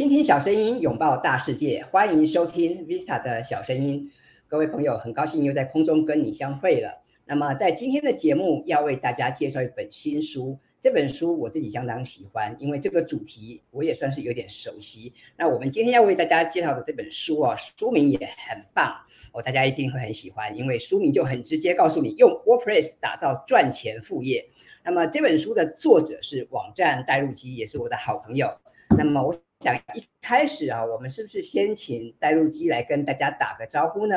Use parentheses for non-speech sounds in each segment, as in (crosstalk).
傾聽小聲音，擁抱大世界，歡迎收聽 Vista 的小聲音。各位朋友，很高興又在空中跟你相會了。那麼，在今天的節目要為大家介紹一本新書。這本書我自己相當喜歡，因為這個主題我也算是有點熟悉。那我們今天要為大家介紹的這本書啊、哦，書名也很棒哦，大家一定會很喜歡，因為書名就很直接告訴你，用 WordPress 打造賺錢副業。那麼，這本書的作者是網站帶路姬，也是我的好朋友。那麼我。講一開始啊，我們是不是先請帶路姬來跟大家打個招呼呢？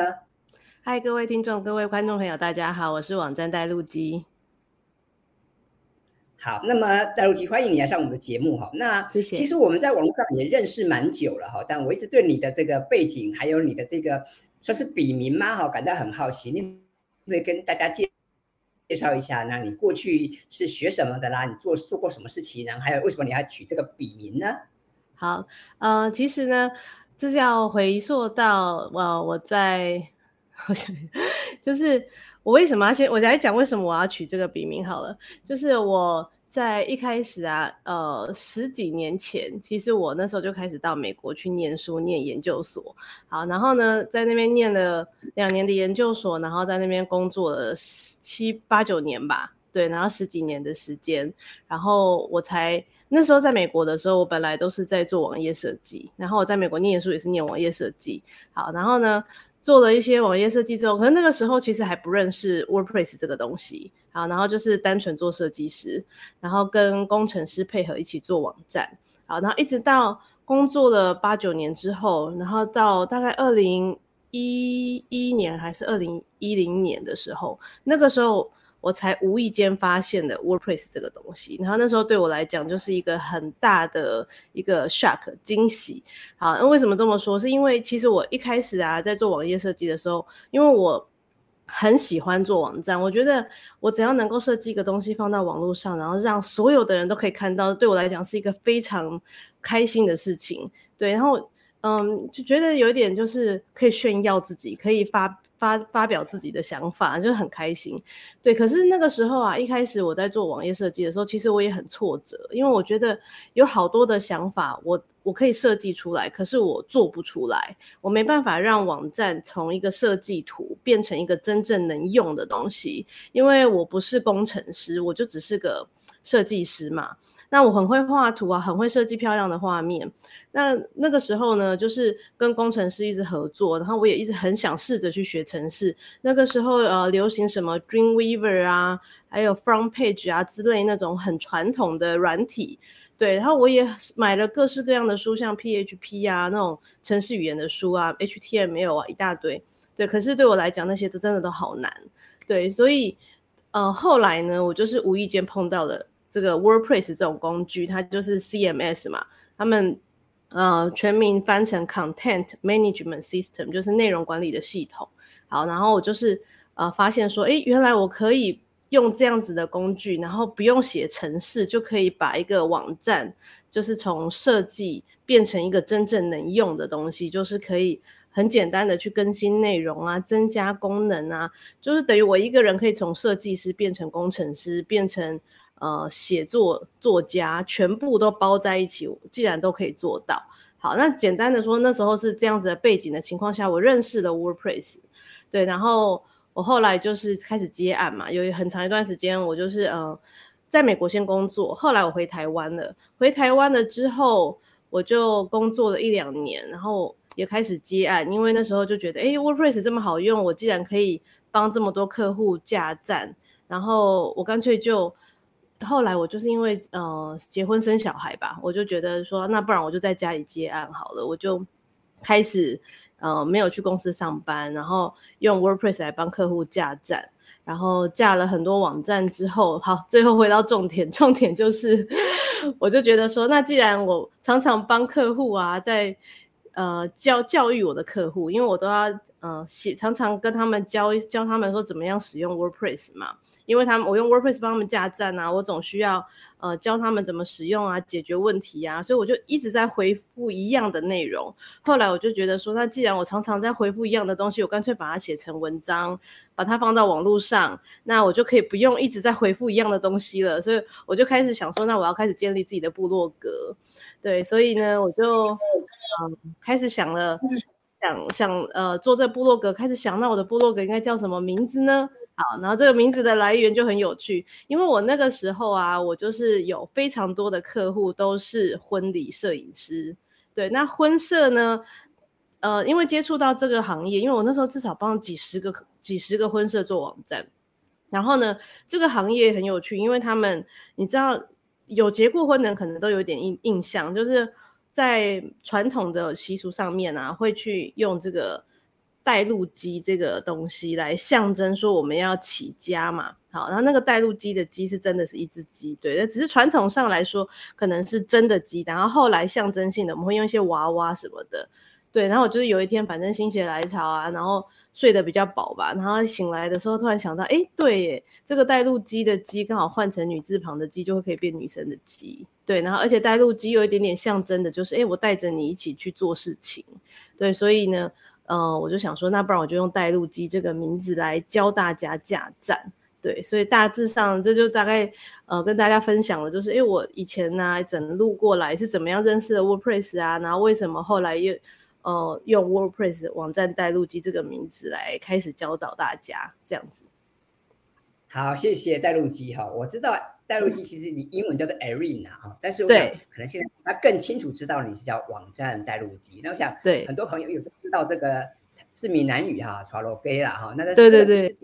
嗨，各位聽眾，各位觀眾朋友，大家好，我是網站帶路姬。好，那麼帶路姬，歡迎你來上我們的節目哈。那，謝謝，其實我們在網絡上也認識蠻久了哈，但我一直對你的這個背景，還有你的這個算是筆名嗎？哈，感到很好奇，你會跟大家介介紹一下？那你過去是學什麼的啦？你做做過什麼事情，然後還有為什麼你要取這個筆名呢？好，呃，其實呢，這是要回溯到我、呃、我在，我想，就是我為什麼要先我來講為什麼我要取這個筆名好了，就是我在一開始啊，呃，十幾年前，其實我那時候就開始到美國去念書念研究所，好，然後呢，在那邊念了兩年的研究所，然後在那邊工作了七八九年吧。對，然後十幾年的時間，然後我才那時候在美國的時候，我本來都是在做網頁設計，然後我在美國念書也是念網頁設計。好，然後呢，做了一些網頁設計之後，可能那個時候其實還不認識 WordPress 這個東西。好，然後就是單純做設計師，然後跟工程師配合一起做網站。好，然後一直到工作了八九年之後，然後到大概二零一一年還是二零一零年的時候，那個時候。我才無意間發現的 WordPress 這個東西，然後那時候對我來講就是一個很大的一個 shock 驚喜。好，那，嗯，為什麼這麼說？是因為其實我一開始啊，在做網頁設計的時候，因為我很喜歡做網站，我覺得我只要能夠設計一個東西放到網絡上，然後讓所有的人都可以看到，對我來講是一個非常開心的事情。對，然後嗯，就覺得有一點就是可以炫耀自己，可以發。發發表自己的想法，就很開心。對，可是那個時候啊，一開始我在做網頁設計的時候，其實我也很挫折，因為我覺得有好多的想法我，我我可以設計出來，可是我做不出來，我沒辦法讓網站從一個設計圖變成一個真正能用的東西，因為我不是工程師，我就只是個設計師嘛。那我很會畫圖啊，很會設計漂亮的畫面。那那個時候呢，就是跟工程師一直合作，然後我也一直很想試着去學程式。那個時候呃，流行什麼 Dreamweaver 啊，還有 FrontPage 啊之類那種很傳統的軟體，對。然後我也買了各式各樣的書，像 PHP 啊那種程式語言的書啊，HTML 啊一大堆，對。可是對我來講，那些都真的都好難，對。所以呃，後來呢，我就是無意間碰到了。這個 WordPress 這種工具，它就是 CMS 嘛，他們呃全名翻成 Content Management System，就是內容管理的系統。好，然後我就是呃發現說，哎，原來我可以用這樣子的工具，然後不用寫程式，就可以把一個網站，就是從設計變成一個真正能用的東西，就是可以很簡單的去更新內容啊，增加功能啊，就是等於我一個人可以從設計師變成工程師，變成。呃，寫作作家全部都包在一起，既然都可以做到，好，那簡單的說，那時候是這樣子的背景的情況下，我認識了 WordPress，對，然後我後來就是開始接案嘛，有很長一段時間，我就是呃，在美國先工作，後來我回台灣了，回台灣了之後，我就工作了一兩年，然後也開始接案，因為那時候就覺得，哎，WordPress 這麼好用，我既然可以幫這麼多客戶架站，然後我乾脆就。後來我就是因為呃，結婚生小孩吧，我就覺得說那不然我就在家裡接案好了，我就開始呃，沒有去公司上班，然後用 WordPress 來幫客戶架站，然後架了很多網站之後，好，最後回到重點，重點就是我就覺得說，那既然我常常幫客戶啊在。呃，教教育我的客戶，因為我都要呃，寫，常常跟他們教教他們說怎麼樣使用 WordPress 嘛，因為他們我用 WordPress 幫他們架站啊，我總需要呃教他們怎麼使用啊，解決問題啊，所以我就一直在回復一樣的內容。後來我就覺得說，那既然我常常在回復一樣的東西，我乾脆把它寫成文章，把它放到網絡上，那我就可以不用一直在回復一樣的東西了。所以我就開始想說，那我要開始建立自己的部落格，對，所以呢，我就。嗯，開始想了，想想呃，做這部落格，開始想，那我的部落格應該叫什麼名字呢？好，然後這個名字的來源就很有趣，因為我那個時候啊，我就是有非常多的客戶都是婚禮攝影師，對，那婚攝呢，呃，因為接觸到這個行業，因為我那時候至少幫幾十個幾十個婚攝做網站，然後呢，這個行業很有趣，因為他們，你知道有結過婚的人可能都有點印印象，就是。在傳統的習俗上面啊，會去用這個帶路雞這個東西來象徵說我們要起家嘛。好，然後那個帶路雞的雞是真的是一隻雞，對，那只是傳統上來說可能是真的雞，然後後來象徵性的我們會用一些娃娃什麼的。對，然後我就是有一天，反正心血來潮啊，然後睡得比較飽吧，然後醒來的時候突然想到，哎，對耶，這個帶路雞的雞剛好換成女字旁的姬，就會可以變女神的姬。對，然後而且帶路雞有一點點象徵的，就是哎，我帶着你一起去做事情。對，所以呢，呃，我就想說，那不然我就用帶路姬這個名字來教大家架站，對，所以大致上這就大概呃跟大家分享了，就是哎，我以前呢，啊，整路過來是怎麼樣認識的 WordPress 啊，然後為什麼後來又。哦、呃，用 WordPress 網站帶路姬這個名字來開始教導大家，這樣子。好，謝謝帶路姬哈，我知道帶路姬其實你英文叫做 Erin 哈、嗯，但是我想對，可能現在他更清楚知道你是叫網站帶路姬。那我想對，很多朋友有知道這個是閩南語哈，trao gei 啊哈，那它對對對，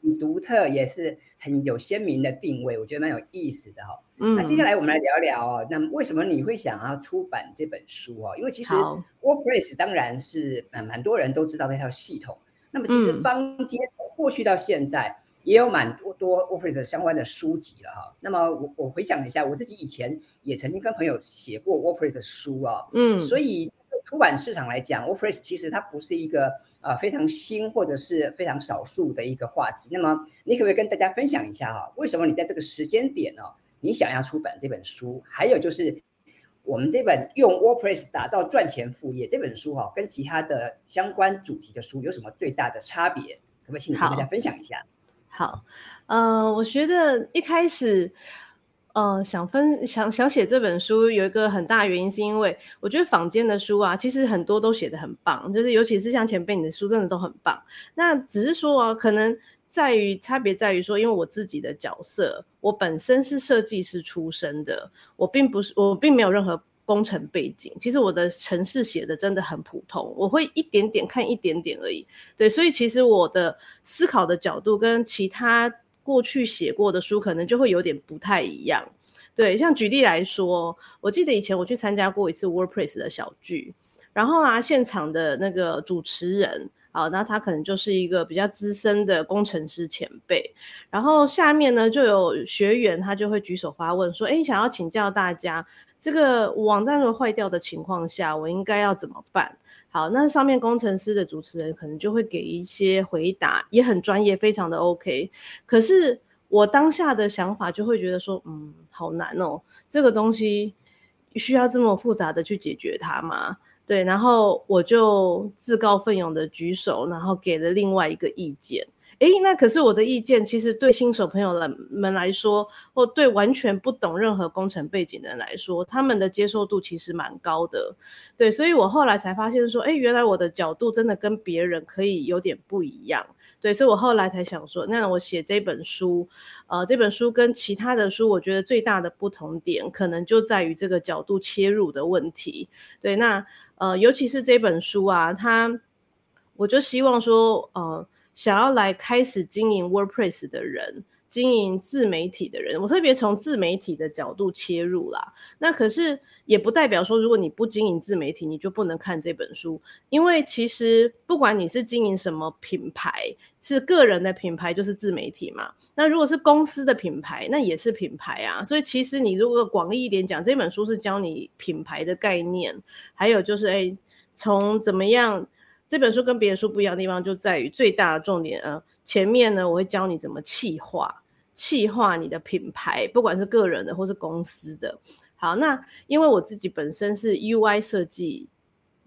很獨特，也是很有鮮明的定位，我覺得蠻有意思的哈。嗯、那接下來我們來聊聊，那麼為什麼你會想要出版這本書啊？因為其實 WordPress 當然是蠻蠻多人都知道那套系統。那麼其實坊間過去到現在、嗯、也有蠻多多 WordPress 相關的書籍了哈、啊。那麼我我回想一下，我自己以前也曾經跟朋友寫過 WordPress 的書啊。嗯，所以這個出版市場來講，WordPress 其實它不是一個呃非常新或者是非常少數的一個話題。那麼你可不可以跟大家分享一下哈、啊？為什麼你在這個時間點呢、啊？你想要出版這本書，還有就是我們這本用 WordPress 打造賺錢副業這本書哈、哦，跟其他的相關主題的書有什麼最大的差別？可不可以請你跟大家分享一下？好，好、呃，我覺得一開始，呃、想分想想寫這本書，有一個很大原因，是因為我覺得坊間的書啊，其實很多都寫得很棒，就是尤其是像前輩你的書，真的都很棒。那只是說啊，可能。在於，差別在於說，因為我自己的角色，我本身是設計師出身的，我並不是，我並沒有任何工程背景。其實我的程式寫的真的很普通，我會一點點看一點點而已。對，所以其實我的思考的角度跟其他過去寫過的書可能就會有點不太一樣。對，像舉例來說，我記得以前我去參加過一次 WordPress 的小聚，然後啊，現場的那個主持人。好，那他可能就是一個比較資深的工程師前輩，然後下面呢，就有學員他就會舉手發問說，哎，想要請教大家，這個網站如果壞掉的情況下，我應該要怎麼辦？好，那上面工程師的主持人可能就會給一些回答，也很專業，非常的 OK。可是我當下的想法就會覺得說，嗯，好難哦，這個東西需要這麼複雜的去解決它嗎？對，然後我就自告奮勇的舉手，然後給了另外一個意見。誒，那可是我的意見，其實對新手朋友們來說，或對完全不懂任何工程背景的人來說，他們的接受度其實蠻高的。對，所以我後來才發現說，誒，原來我的角度真的跟別人可以有點不一樣。對，所以我後來才想說，那我寫這本書，呃，這本書跟其他的書，我覺得最大的不同點，可能就在於這個角度切入的問題。對，那呃，尤其是這本書啊，它，我就希望說，呃。想要來開始經營 WordPress 的人，經營自媒體的人，我特別從自媒體的角度切入啦。那可是也不代表說，如果你不經營自媒體，你就不能看這本書。因為其實不管你是經營什麼品牌，是個人的品牌就是自媒體嘛。那如果是公司的品牌，那也是品牌啊。所以其實你如果廣義一點講，這本書是教你品牌的概念，還有就是誒，從怎麼樣。這本書跟別的書不一樣的地方就在於最大的重點啊、呃，前面呢我會教你怎麼企劃，企劃你的品牌，不管是個人的或是公司的。好，那因為我自己本身是 UI 設計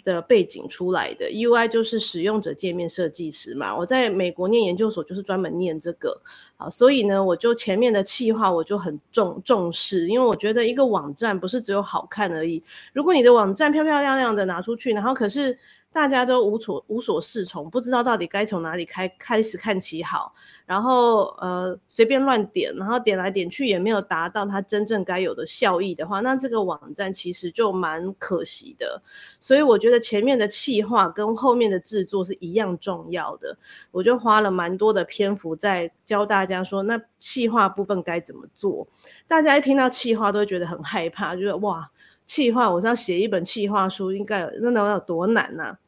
的背景出來的，UI 就是使用者界面設計師嘛。我在美國念研究所就是專門念這個，好，所以呢我就前面的企劃我就很重重視，因為我覺得一個網站不是只有好看而已，如果你的網站漂漂亮亮的拿出去，然後可是。大家都無所無所適從，不知道到底該從哪裡開開始看起好，然後呃隨便亂點，然後點來點去也沒有達到它真正該有的效益的話，那這個網站其實就蠻可惜的。所以我覺得前面的企劃跟後面的製作是一樣重要的。我就花了蠻多的篇幅在教大家說，那企劃部分該怎麼做。大家一聽到企劃都會覺得很害怕，覺得哇，企劃我是要寫一本企劃書，應該有那那有多難吶、啊？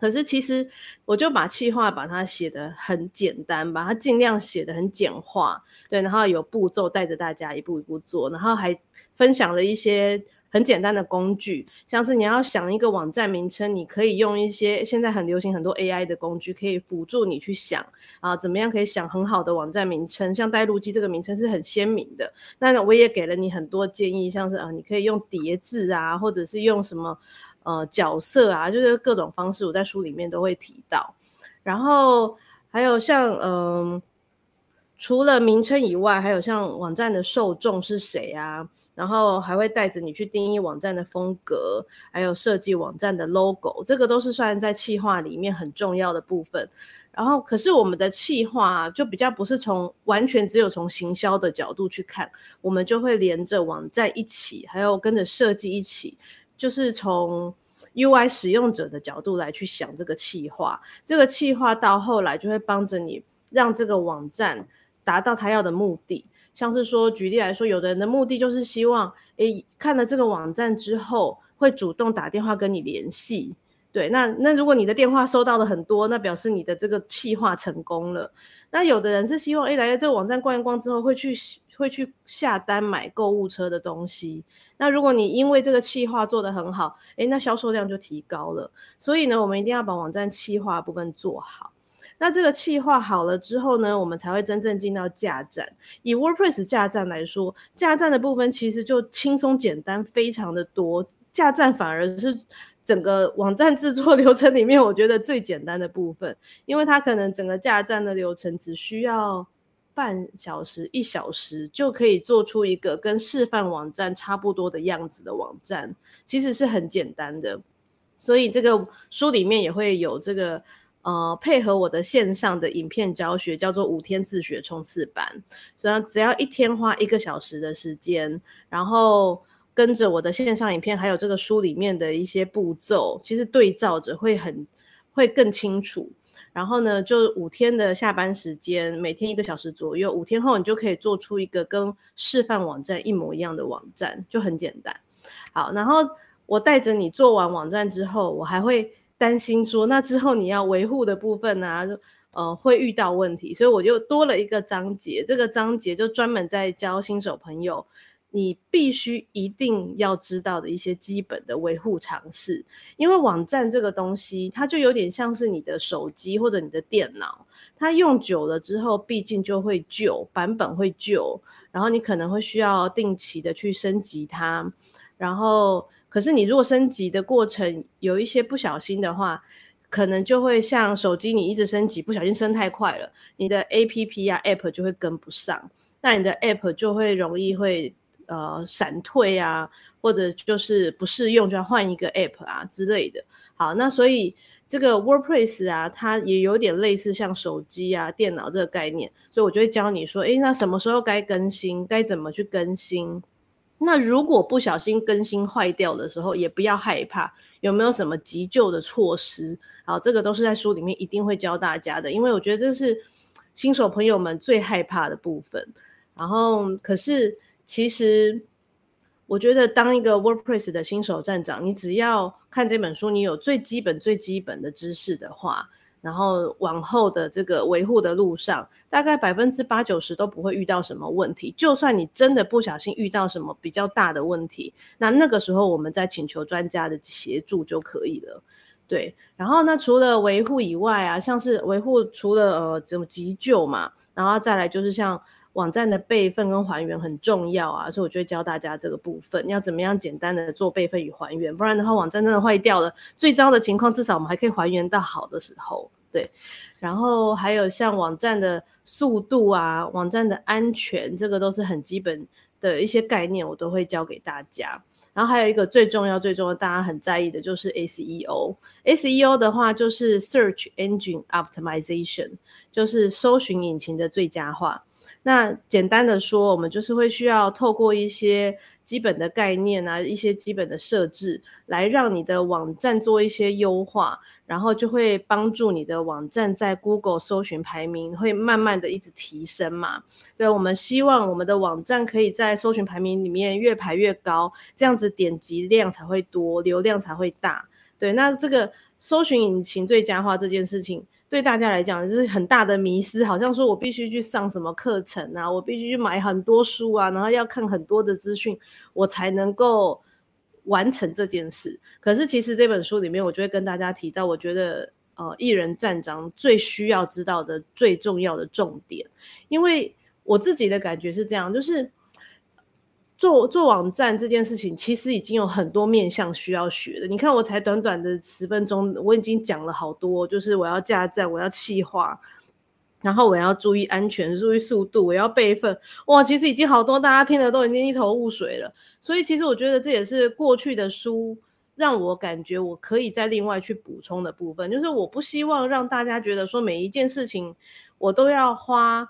可是其實，我就把企劃把它寫得很簡單，把它儘量寫得很簡化，對，然後有步驟帶着大家一步一步做，然後還分享了一些很簡單的工具，像是你要想一個網站名稱，你可以用一些現在很流行很多 AI 的工具，可以輔助你去想啊，怎麼樣可以想很好的網站名稱，像“帶路姬”這個名稱是很鮮明的。那我也給了你很多建議，像是啊，你可以用疊字啊，或者是用什麼。呃，角色啊，就是各種方式，我在書裡面都會提到。然後還有像，嗯、呃，除了名稱以外，還有像網站的受眾是誰啊？然後還會帶着你去定義網站的風格，還有設計網站的 logo，這個都是算在企劃裡面很重要的部分。然後，可是我們的企劃啊，就比較不是從完全只有從行銷的角度去看，我們就會連着網站一起，還有跟着設計一起。就是從 UI 使用者的角度來去想這個企劃，這個企劃到後來就會幫着你讓這個網站達到他要的目的。像是說，舉例來說，有的人的目的就是希望，誒，看了這個網站之後，會主動打電話跟你聯繫。對，那那如果你的電話收到的很多，那表示你的這個企劃成功了。那有的人是希望，哎，來了這個網站逛一逛之後，會去會去下單買購物車的東西。那如果你因為這個企劃做得很好，哎，那銷售量就提高了。所以呢，我們一定要把網站企劃部分做好。那這個企劃好了之後呢，我們才會真正進到架站。以 WordPress 架站來說，架站的部分其實就輕鬆簡單，非常的多。架站反而是。整個網站製作流程裡面，我覺得最簡單的部分，因為它可能整個架站的流程只需要半小時、一小時就可以做出一個跟示範網站差不多的樣子的網站，其實是很簡單的。所以這個書裡面也會有這個呃配合我的線上的影片教學，叫做五天自學衝刺班，所以只要一天花一個小時的時間，然後。跟着我的線上影片，還有這個書裡面的一些步驟，其實對照着會很會更清楚。然後呢，就五天的下班時間，每天一個小時左右，五天後你就可以做出一個跟示範網站一模一樣的網站，就很簡單。好，然後我帶着你做完網站之後，我還會擔心說，那之後你要維護的部分呢、啊，呃，會遇到問題，所以我就多了一個章節，這個章節就專門在教新手朋友。你必須一定要知道的一些基本的維護常識，因為網站這個東西，它就有點像是你的手機或者你的電腦，它用久了之後，畢竟就會舊，版本會舊，然後你可能會需要定期的去升級它。然後，可是你如果升級的過程有一些不小心的話，可能就會像手機，你一直升級，不小心升太快了，你的 A P P、啊、呀 App 就會跟不上，那你的 App 就會容易會。呃，閃退啊，或者就是不適用，就要換一個 app 啊之類的。好，那所以這個 WordPress 啊，它也有點類似像手機啊、電腦這個概念，所以我就會教你說，哎，那什麼時候該更新，該怎麼去更新？那如果不小心更新壞掉的時候，也不要害怕，有沒有什麼急救的措施？好，這個都是在書裡面一定會教大家的，因為我覺得這是新手朋友們最害怕的部分。然後可是。其實，我覺得當一個 WordPress 的新手站長，你只要看這本書，你有最基本、最基本的知識的話，然後往後的這個維護的路上，大概百分之八九十都不會遇到什麼問題。就算你真的不小心遇到什麼比較大的問題，那那個時候我們再請求專家的協助就可以了。對，然後呢，除了維護以外啊，像是維護除了呃怎麼急救嘛，然後再來就是像。網站的備份跟還原很重要啊，所以我就會教大家這個部分要怎麼樣簡單的做備份與還原，不然的話網站真的壞掉了，最糟的情況至少我們還可以還原到好的時候，對。然後還有像網站的速度啊、網站的安全，這個都是很基本的一些概念，我都會教給大家。然後還有一個最重要、最重要，大家很在意的就是 SEO。SEO 的話就是 Search Engine Optimization，就是搜尋引擎的最佳化。那簡單的說，我們就是會需要透過一些基本的概念啊，一些基本的設置，來讓你的網站做一些優化，然後就會幫助你的網站在 Google 搜尋排名會慢慢的一直提升嘛。對，我們希望我們的網站可以在搜尋排名裡面越排越高，這樣子點擊量才會多，流量才會大。對，那這個搜尋引擎最佳化這件事情，對大家來講，就是很大的迷思，好像說我必須去上什麼課程啊，我必須去買很多書啊，然後要看很多的資訊，我才能夠完成這件事。可是其實這本書裡面，我就會跟大家提到，我覺得呃，一人站長最需要知道的最重要的重點，因為我自己的感覺是這樣，就是。做做網站這件事情，其實已經有很多面向需要學的。你看，我才短短的十分鐘，我已經講了好多，就是我要架站、我要氣化，然後我要注意安全，注意速度，我要備份。哇，其實已經好多，大家聽了都已經一頭霧水了。所以，其實我覺得這也是過去的書讓我感覺我可以再另外去補充的部分。就是我不希望讓大家覺得說每一件事情我都要花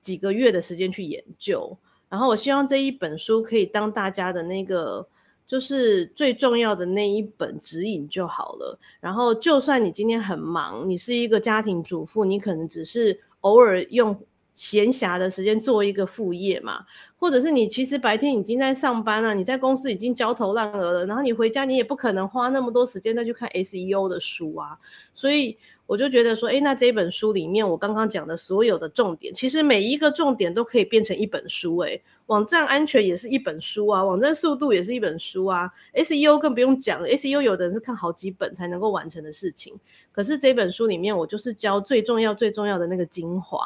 幾個月的時間去研究。然後我希望這一本書可以當大家的那個，就是最重要的那一本指引就好了。然後，就算你今天很忙，你是一個家庭主婦，你可能只是偶爾用閒暇的時間做一個副業嘛，或者是你其實白天已經在上班了，你在公司已經焦頭爛額了，然後你回家你也不可能花那麼多時間再去看 SEO 的書啊，所以。我就覺得說，哎，那這本書裡面，我剛剛講的所有的重點，其實每一個重點都可以變成一本書。哎，網站安全也是一本書啊，網站速度也是一本書啊，SEO 更不用講，SEO 有的人是看好幾本才能夠完成的事情。可是這本書裡面，我就是教最重要、最重要的那個精華。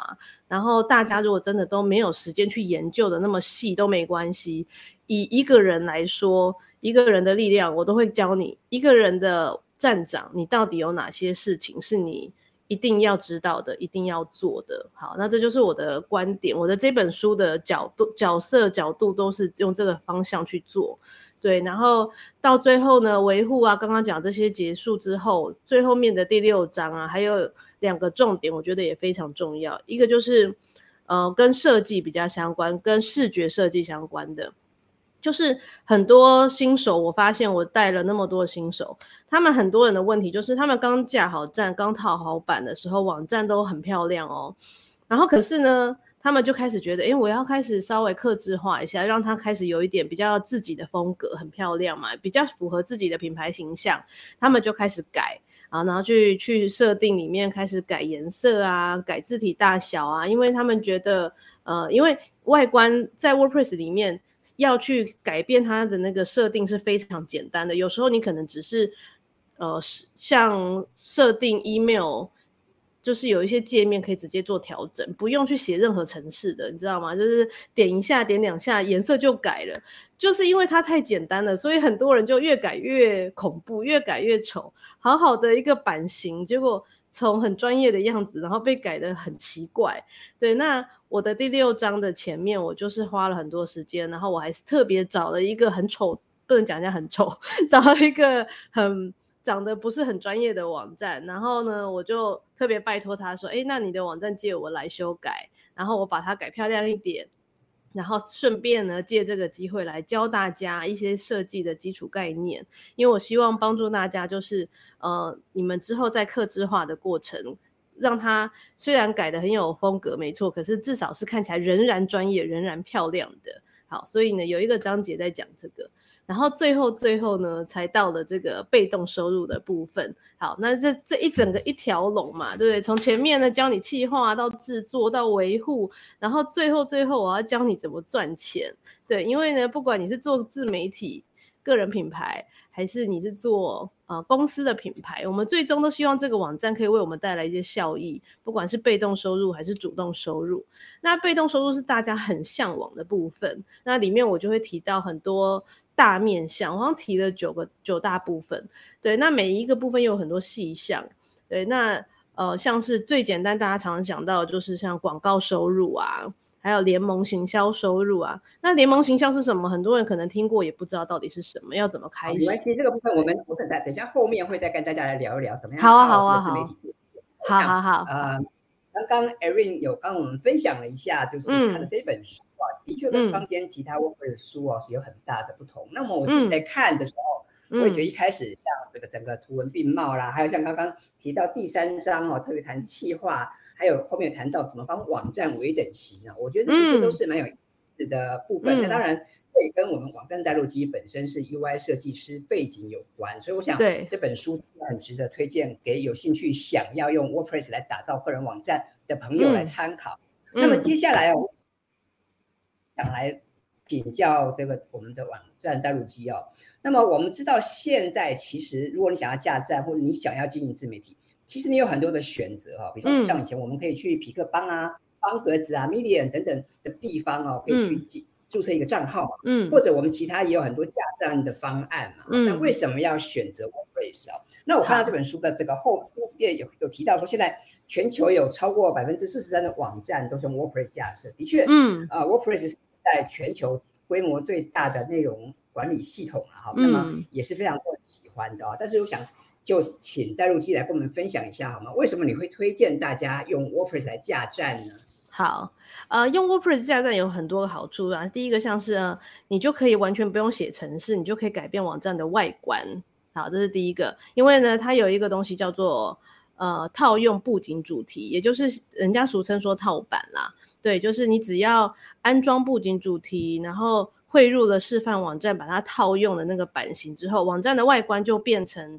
然後大家如果真的都沒有時間去研究的那麼細，都沒關係。以一個人來說，一個人的力量，我都會教你，一個人的。站長，你到底有哪些事情是你一定要知道的，一定要做的？好，那這就是我的觀點。我的這本書的角度、角色角度都是用這個方向去做。對，然後到最後呢，維護啊，剛剛講這些結束之後，最後面的第六章啊，還有兩個重點，我覺得也非常重要。一個就是，呃，跟設計比較相關，跟視覺設計相關的。就是很多新手，我發現我帶了那麼多新手，他們很多人的問題就是，他們剛架好站，剛套好板的時候，網站都很漂亮哦。然後可是呢，他們就開始覺得，哎、欸，我要開始稍微客製化一下，讓它開始有一點比較自己的風格，很漂亮嘛，比較符合自己的品牌形象，他們就開始改。啊，然後去去設定裡面開始改顏色啊，改字體大小啊，因為他們覺得，呃，因為外觀在 WordPress 裡面要去改變它的那個設定是非常簡單的，有時候你可能只是，呃，像設定 email。就是有一些界面可以直接做調整，不用去寫任何程式的，你知道嗎？就是點一下、點兩下，顏色就改了。就是因為它太簡單了，所以很多人就越改越恐怖，越改越醜。好好的一個版型，結果從很專業的樣子，然後被改得很奇怪。對，那我的第六章的前面，我就是花了很多時間，然後我還是特別找了一個很醜，不能講人家很醜，找到一個很。長得不是很專業的網站，然後呢，我就特別拜託他說：“哎，那你的網站借我來修改，然後我把它改漂亮一點，然後順便呢，借這個機會來教大家一些設計的基礎概念，因為我希望幫助大家，就是呃，你們之後在客制化的過程，讓它雖然改的很有風格，沒錯，可是至少是看起來仍然專業、仍然漂亮的。好，所以呢，有一個章節在講這個。”然後最後最後呢，才到了這個被動收入的部分。好，那這這一整個一條龍嘛，對不對？從前面呢教你企劃到制作到維護，然後最後最後我要教你怎麼賺錢。對，因為呢，不管你是做自媒體、個人品牌，還是你是做呃公司的品牌，我們最終都希望這個網站可以為我們帶來一些效益，不管是被動收入還是主動收入。那被動收入是大家很向往的部分，那裡面我就會提到很多。大面向，我剛提了九個九大部分，對，那每一個部分又有很多細項，對，那呃，像是最簡單，大家常常講到就是像廣告收入啊，還有聯盟行銷收入啊，那聯盟行銷是什麼？很多人可能聽過，也不知道到底是什麼，要怎麼開始？其實對這個部分，我們我等等下後面會再跟大家來聊一聊，怎麼樣？好啊，好啊，好，好好好，剛剛 Erin 有跟我們分享了一下，就是他的這本書啊，嗯、的確跟坊間其他 Web 的書啊、嗯、是有很大的不同。那麼我自己在看的時候，嗯、我也覺得一開始像這個整個圖文並茂啦，嗯、還有像剛剛提到第三章哦、啊，特別談企劃，還有後面談到怎麼幫網站維整形啊，我覺得這些都是蠻有意思的部分。那、嗯、當然。跟我們網站帶路姬本身是 UI 設計師背景有關，所以我想這本書很值得推薦給有興趣對想要用 WordPress 來打造個人網站的朋友來參考。嗯、那麼接下來、嗯、我想來請教這個我們的網站帶路姬哦。那麼我們知道現在其實，如果你想要架站或者你想要經營自媒體，其實你有很多的選擇哈、哦，比如說像以前我們可以去痞客邦啊、方格子啊、Medium 等等的地方哦，可以去進。嗯註冊一個賬號嘛，嗯、或者我們其他也有很多架站的方案嘛。那、嗯、為什麼要選擇 WordPress 哦、啊？嗯、那我看到這本書的這個後、啊、後面有有提到說，現在全球有超過百分之四十三的網站都是用 WordPress 架設。的確，嗯，啊、呃、WordPress 是在全球規模最大的內容管理系統了，好，嗯、那麼也是非常多人喜歡的啊。但是我想就請帶路姬來跟我們分享一下好嗎？為什麼你會推薦大家用 WordPress 來架站呢？好，呃，用 WordPress 架站有很多個好處啊。第一個像是呢，你就可以完全不用寫程式，你就可以改變網站的外觀。好，這是第一個。因為呢，它有一個東西叫做，呃，套用布景主題，也就是人家俗稱說套版啦。對，就是你只要安裝布景主題，然後匯入了示範網站，把它套用的那個版型之後，網站的外觀就變成，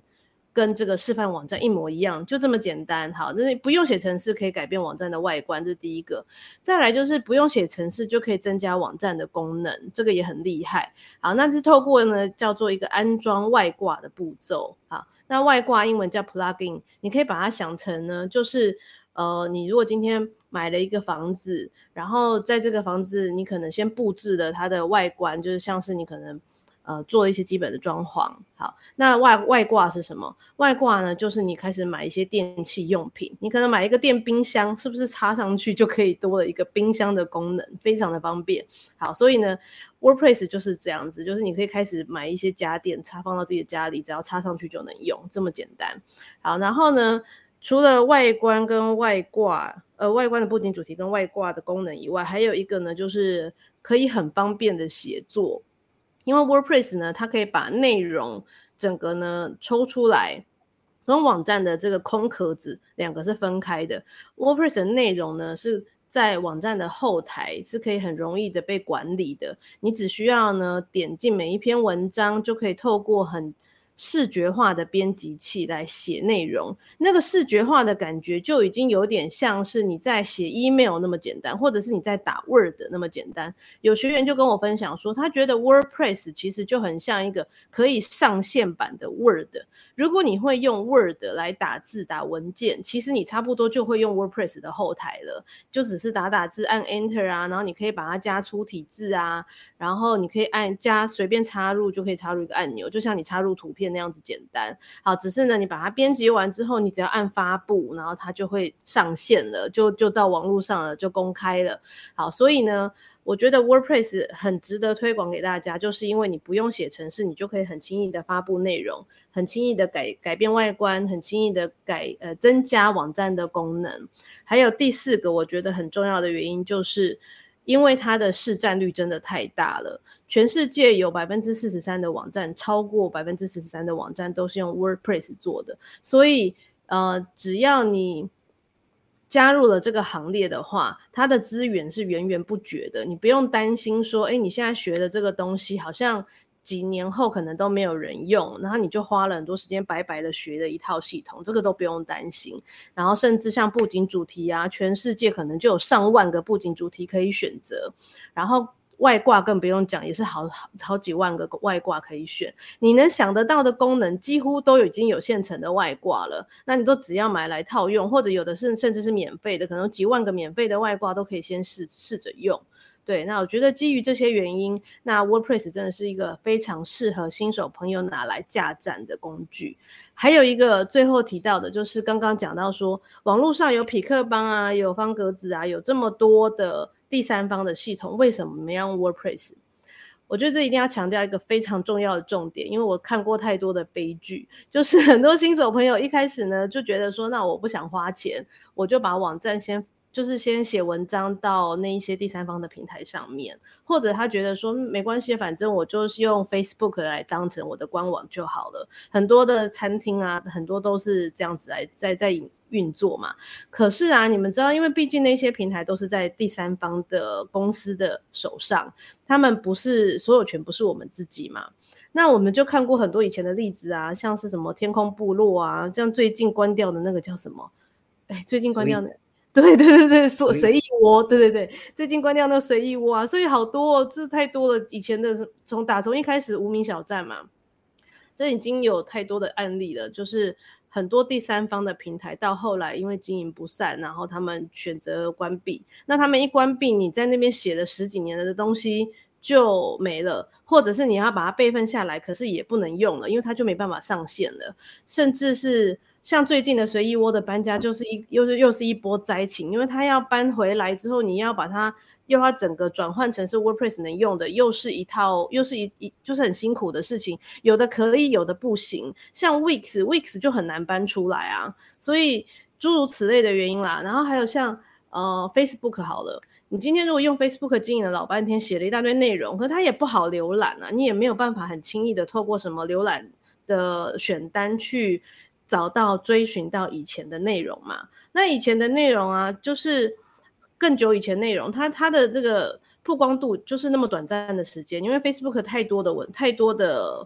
跟這個示範網站一模一樣，就這麼簡單。好，這、就是不用寫程式可以改變網站的外觀，這是第一個。再來就是不用寫程式就可以增加網站的功能，這個也很厲害。好，那是透過呢叫做一個安裝外掛的步驟。好，那外掛英文叫 plugin，你可以把它想成呢，就是呃，你如果今天買了一個房子，然後在這個房子你可能先布置了它的外觀，就是像是你可能。呃，做一些基本的裝潢。好，那外外掛是什麼？外掛呢，就是你開始買一些電器用品，你可能買一個電冰箱，是不是插上去就可以多了一個冰箱的功能，非常的方便。好，所以呢，WordPress 就是這樣子，就是你可以開始買一些家電，插放到自己的家裡，只要插上去就能用，這麼簡單。好，然後呢，除了外觀跟外掛，呃，外觀的布景主題跟外掛的功能以外，還有一個呢，就是可以很方便的寫作。因為 WordPress 呢，它可以把內容整個呢抽出來，跟網站的這個空殼子兩個是分開的。WordPress 的內容呢，是在網站的後台是可以很容易的被管理的。你只需要呢點進每一篇文章，就可以透過很視覺化的編輯器來寫內容，那個視覺化的感覺就已經有點像是你在寫 email 那麼簡單，或者是你在打 word 那麼簡單。有學員就跟我分享說，他覺得 WordPress 其實就很像一個可以上線版的 word。如果你會用 word 來打字打文件，其實你差不多就會用 WordPress 的後台了，就只是打打字按 enter 啊，然後你可以把它加粗體字啊，然後你可以按加，隨便插入就可以插入一個按鈕，就像你插入圖片。那樣子簡單，好，只是呢，你把它編輯完之後，你只要按發布，然後它就會上線了，就就到網絡上了，就公開了。好，所以呢，我覺得 WordPress 很值得推廣給大家，就是因為你不用寫程式，你就可以很輕易的發布內容，很輕易的改改變外觀，很輕易的改呃增加網站的功能。還有第四個，我覺得很重要的原因，就是因為它的市占率真的太大了。全世界有百分之四十三的網站，超過百分之四十三的網站都是用 WordPress 做的。所以，呃，只要你加入了這個行列的話，它的資源是源源不絕的，你不用擔心說，誒，你現在學的這個東西好像幾年後可能都沒有人用，然後你就花了很多時間白白的學了一套系統，這個都不用擔心。然後，甚至像布景主題啊，全世界可能就有上萬個布景主題可以選擇，然後。外掛更不用講，也是好好，好幾萬個外掛可以選。你能想得到的功能，幾乎都已經有現成的外掛了。那你都只要買來套用，或者有的是甚至是免費的，可能幾萬個免費的外掛都可以先試試着用。對，那我覺得基於這些原因，那 WordPress 真的是一個非常適合新手朋友拿來架站的工具。還有一個最後提到的，就是剛剛講到說，網絡上有痞客邦啊，有方格子啊，有這麼多的。第三方的系統為什麼沒用 WordPress？我覺得這一定要強調一個非常重要的重點，因為我看過太多的悲劇，就是很多新手朋友一開始呢就覺得說，那我不想花錢，我就把網站先。就是先寫文章到那一些第三方的平台上面，或者他覺得說沒關係，反正我就是用 Facebook 來當成我的官網就好了。很多的餐廳啊，很多都是這樣子來在在運作嘛。可是啊，你們知道，因為畢竟那些平台都是在第三方的公司的手上，他們不是所有權不是我們自己嘛。那我們就看過很多以前的例子啊，像是什麼天空部落啊，像最近關掉的那個叫什麼？哎、欸，最近關掉的。對對對對，所隨意窩，對對對，最近關掉那隨意窩、啊，所以好多這、哦、太多了。以前的從打從一開始無名小站嘛，這已經有太多的案例了。就是很多第三方的平台，到後來因為經營不善，然後他們選擇關閉。那他們一關閉，你在那邊寫了十幾年了的東西就沒了，或者是你要把它備份下來，可是也不能用了，因為它就沒辦法上線了，甚至是。像最近的隨意窩的搬家，就是一又是又是一波災情，因為它要搬回來之後，你要把它又要整個轉換成是 WordPress 能用的，又是一套又是一一就是很辛苦的事情。有的可以，有的不行。像 Wix，Wix 就很難搬出來啊。所以諸如此類的原因啦。然後還有像呃 Facebook 好了，你今天如果用 Facebook 經營了老半天，寫了一大堆內容，可是它也不好瀏覽啊，你也沒有辦法很輕易的透過什麼瀏覽的選單去。找到追尋到以前的內容嘛？那以前的內容啊，就是更久以前內容，它它的這個曝光度就是那麼短暫的時間，因為 Facebook 太多的文太多的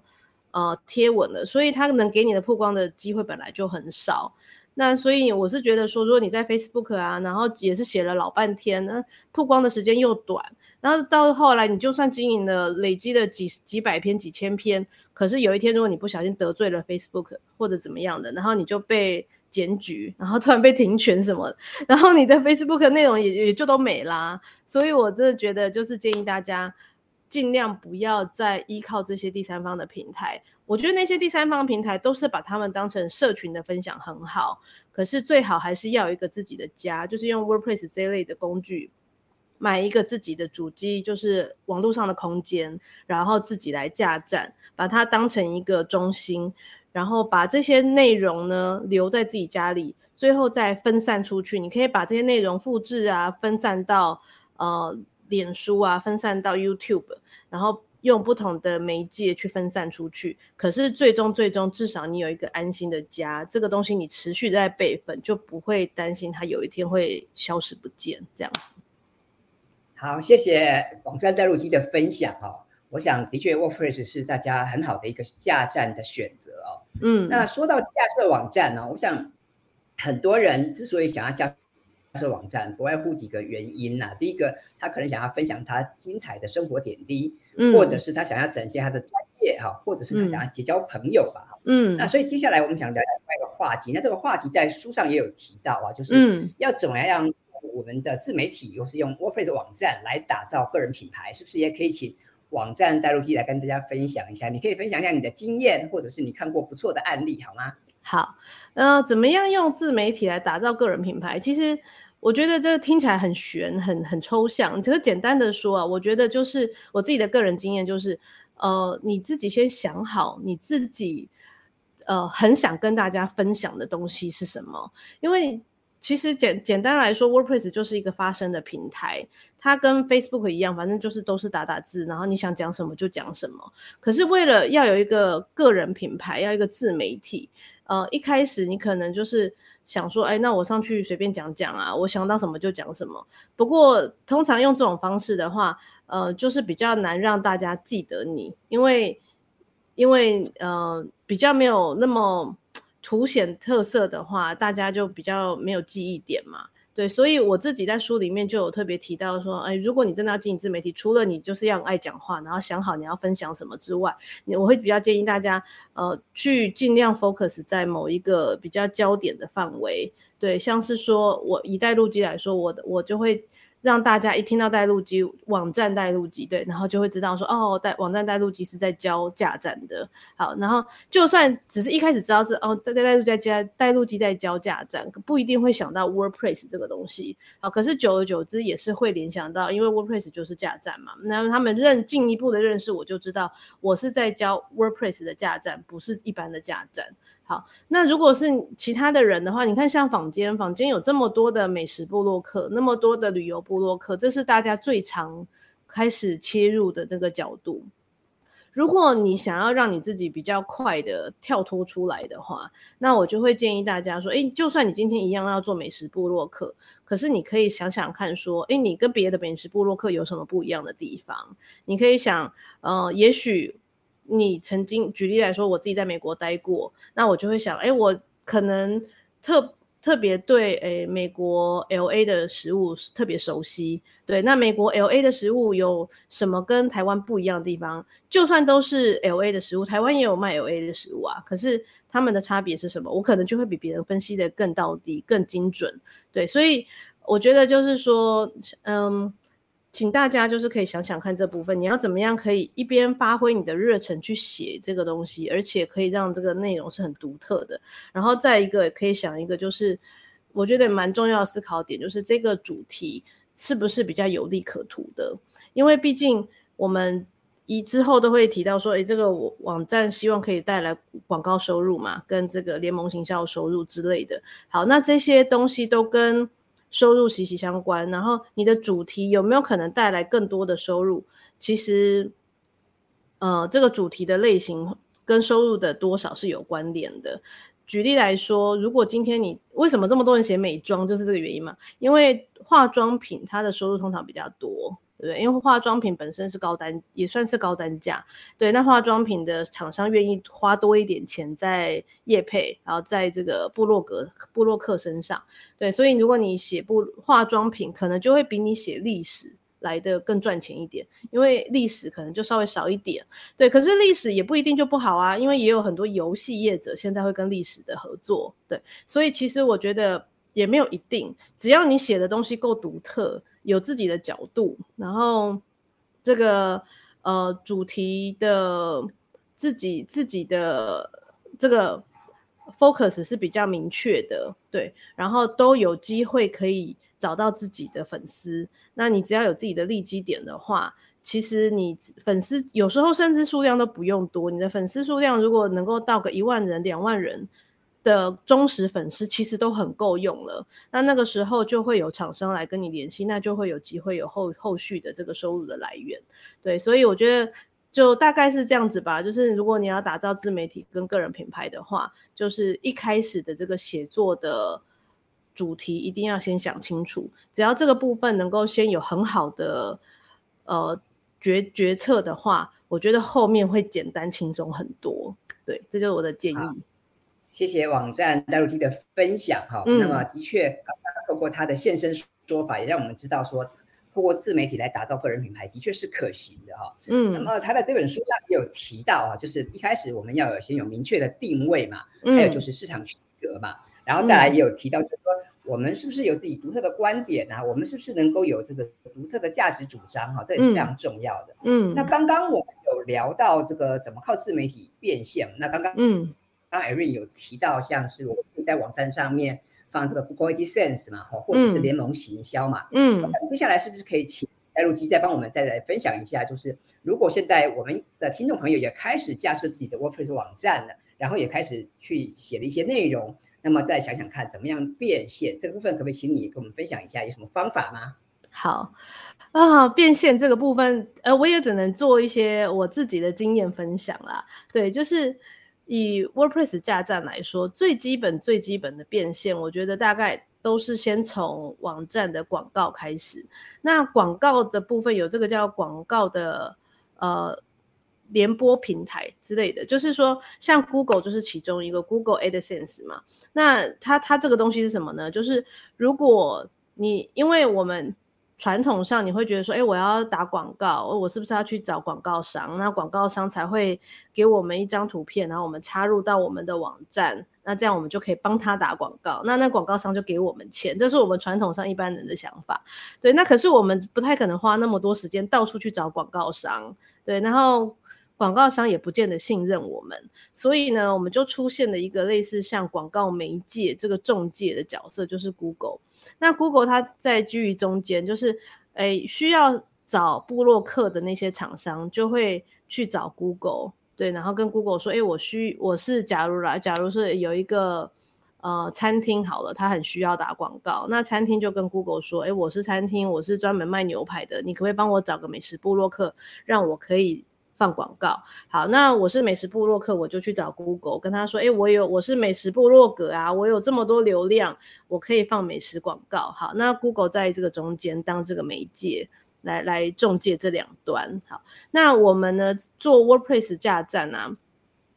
呃貼文了，所以它能給你的曝光的機會本來就很少。那所以我是覺得說，如果你在 Facebook 啊，然後也是寫了老半天，那、呃、曝光的時間又短。然後到後來，你就算經營了，累積了幾幾百篇、幾千篇，可是有一天，如果你不小心得罪了 Facebook 或者怎麼樣的，然後你就被檢舉，然後突然被停權什麼，然後你的 Facebook 內容也也就都沒啦。所以，我真的覺得就是建議大家盡量不要再依靠這些第三方的平台。我覺得那些第三方平台都是把他們當成社群的分享很好，可是最好還是要有一個自己的家，就是用 WordPress 這一類的工具。買一個自己的主機，就是網絡上的空間，然後自己來架站，把它當成一個中心，然後把這些內容呢，留在自己家裡，最後再分散出去。你可以把這些內容複製啊，分散到呃臉書啊，分散到 YouTube，然後用不同的媒介去分散出去。可是最終最終，至少你有一個安心的家，這個東西你持續在備份，就不會擔心它有一天會消失不見這樣子。好，謝謝網站帶路姬的分享哦。我想，的確 WordPress 是大家很好的一個架站的選擇哦。嗯，那說到架設網站呢、哦，我想很多人之所以想要架設網站，不外乎幾個原因啦、啊。第一個，他可能想要分享他精彩的生活點滴，嗯，或者是他想要展現他的專業哈，或者是他想要結交朋友吧。嗯，那所以接下來我們想聊聊另外一個話題，那這個話題在書上也有提到啊，就是要怎麼樣，我們的自媒體，又是用 WordPress 網站來打造個人品牌，是不是也可以請網站帶路姬來跟大家分享一下？你可以分享一下你的經驗，或者是你看過不錯的案例，好嗎？好，呃，怎麼樣用自媒體來打造個人品牌？其實我覺得這個聽起來很玄，很很抽象。只是簡單的說啊，我覺得就是我自己的個人經驗，就是呃，你自己先想好你自己呃很想跟大家分享的東西是什麼，因為。其實簡簡單來說，WordPress 就是一個發聲的平台。它跟 Facebook 一樣，反正就是都是打打字，然後你想講什麼就講什麼。可是為了要有一個個人品牌，要一個自媒體，呃，一開始你可能就是想說，哎，那我上去隨便講講啊，我想到什麼就講什麼。不過通常用這種方式的話，呃，就是比較難讓大家記得你，因為因為呃比較沒有那麼。凸顯特色的話，大家就比較沒有記憶點嘛，對，所以我自己在書裡面就有特別提到說，哎，如果你真的要進自媒體，除了你就是要愛講話，然後想好你要分享什麼之外，我會比較建議大家，呃，去盡量 focus 在某一個比較焦點的範圍，對，像是說我以帶路姬來說，我的我就會。讓大家一聽到帶路姬、網站帶路姬，對，然後就會知道說哦，帶、網站帶路姬是在教架站的。好，然後就算只是一開始知道是哦，帶，帶路姬在教帶路姬在教架站，不一定會想到 WordPress 這個東西。好，可是久而久之也是會聯想到，因為 WordPress 就是架站嘛。然後他們認進一步的認識，我就知道我是在教 WordPress 的架站，不是一般的架站。那如果是其他的人的話，你看像坊間，坊間有這麼多的美食部落客，那麼多的旅遊部落客。這是大家最常開始切入的這個角度。如果你想要讓你自己比較快的跳脫出來的話，那我就會建議大家說，誒，就算你今天一樣要做美食部落客，可是你可以想想看說，誒，你跟別的美食部落客有什麼不一樣的地方？你可以想，呃，也許。你曾經舉例來說，我自己在美國待過，那我就會想，哎，我可能特特別對，哎，美國 L A 的食物特別熟悉。對，那美國 L A 的食物有什麼跟台灣不一樣的地方？就算都是 L A 的食物，台灣也有賣 L A 的食物啊，可是他們的差別是什麼？我可能就會比別人分析得更到底、更精準。對，所以我覺得就是說，嗯。請大家就是可以想想看這部分，你要怎麼樣可以一邊發揮你的熱忱去寫這個東西，而且可以讓這個內容是很獨特的。然後再一個也可以想一個就是，我覺得蠻重要的思考點就是這個主題是不是比較有利可圖的？因為畢竟我們一之後都會提到說，誒，這個網站希望可以帶來廣告收入嘛，跟這個聯盟行銷收入之類的。好，那這些東西都跟。收入息息相關，然後你的主題有沒有可能帶來更多的收入？其實，呃，這個主題的類型跟收入的多少是有關聯的。舉例來說，如果今天你，為什麼這麼多人寫美妝，就是這個原因嘛。因為化妝品它的收入通常比較多。對，因為化妝品本身是高單，也算是高單價。對，那化妝品的廠商願意花多一點錢在業配，然後在這個部落格、部落客身上。對，所以如果你寫部化妝品，可能就會比你寫歷史來的更賺錢一點，因為歷史可能就稍微少一點。對，可是歷史也不一定就不好啊，因為也有很多遊戲業者現在會跟歷史的合作。對，所以其實我覺得也沒有一定，只要你寫的東西夠獨特。有自己的角度，然後這個呃主題的自己自己的這個 focus 是比較明確的，對，然後都有機會可以找到自己的粉絲。那你只要有自己的利基點的話，其實你粉絲有時候甚至數量都不用多，你的粉絲數量如果能夠到個一萬人、兩萬人。的忠實粉絲其實都很夠用了，那那個時候就會有廠商來跟你聯繫，那就會有機會有後後續的這個收入的來源。對，所以我覺得就大概是這樣子吧。就是如果你要打造自媒體跟個人品牌的話，就是一開始的這個寫作的主題一定要先想清楚，只要這個部分能夠先有很好的呃決決策的話，我覺得後面會簡單輕鬆很多。對，這就是我的建議。啊謝謝網站帶路姬的分享哈，嗯、那麼的確，剛剛通過他的現身說法，也讓我們知道說，通過自媒體來打造個人品牌的確是可行的哈、哦。嗯，那麼他在這本書上也有提到啊，就是一開始我們要有先有明確的定位嘛，還有就是市場區隔嘛，嗯、然後再來也有提到，就是說我們是不是有自己獨特的觀點啊？我們是不是能夠有這個獨特的價值主張哈、啊？這也是非常重要的。嗯，嗯，那剛剛我們有聊到這個怎麼靠自媒體變現，那剛剛嗯。剛 Erin 有提到，像是我們在網站上面放這個 Google AdSense 嘛，或者是聯盟行銷嘛，嗯，嗯接下來是不是可以請 Erin 再幫我們再來分享一下？就是如果現在我們的聽眾朋友也開始架設自己的 WordPress 網站了，然後也開始去寫了一些內容，那麼再想想看，怎麼樣變現這個部分，可不可以請你跟我們分享一下，有什麼方法嗎？好啊，呃，變現這個部分，呃，我也只能做一些我自己的經驗分享啦。對，就是。以 WordPress 架站來說，最基本、最基本的變現，我覺得大概都是先從網站的廣告開始。那廣告的部分有這個叫廣告的呃聯播平台之類的，就是說像 Google 就是其中一個 Google AdSense 嘛。那它它這個東西是什麼呢？就是如果你因為我們傳統上你會覺得說，哎，我要打廣告，我是不是要去找廣告商？那廣告商才會給我們一張圖片，然後我們插入到我們的網站，那這樣我們就可以幫他打廣告。那那廣告商就給我們錢，這是我們傳統上一般人的想法。對，那可是我們不太可能花那麼多時間到處去找廣告商。對，然後。廣告商也不見得信任我們，所以呢，我們就出現了一個類似像廣告媒介這個仲介的角色，就是 Google。那 Google 它在居於中間，就是誒需要找部落客的那些廠商，就會去找 Google，對，然後跟 Google 說，哎，我需我是假如來，假如是有一個呃餐廳好了，他很需要打廣告，那餐廳就跟 Google 說，哎，我是餐廳，我是專門賣牛排的，你可不可以幫我找個美食部落客，讓我可以。放廣告好，那我是美食部落客，我就去找 Google，跟他說，誒，我有，我是美食部落格啊，我有這麼多流量，我可以放美食廣告。好，那 Google 在這個中間當這個媒介，來來中介這兩端。好，那我們呢做 WordPress 架站呢，啊，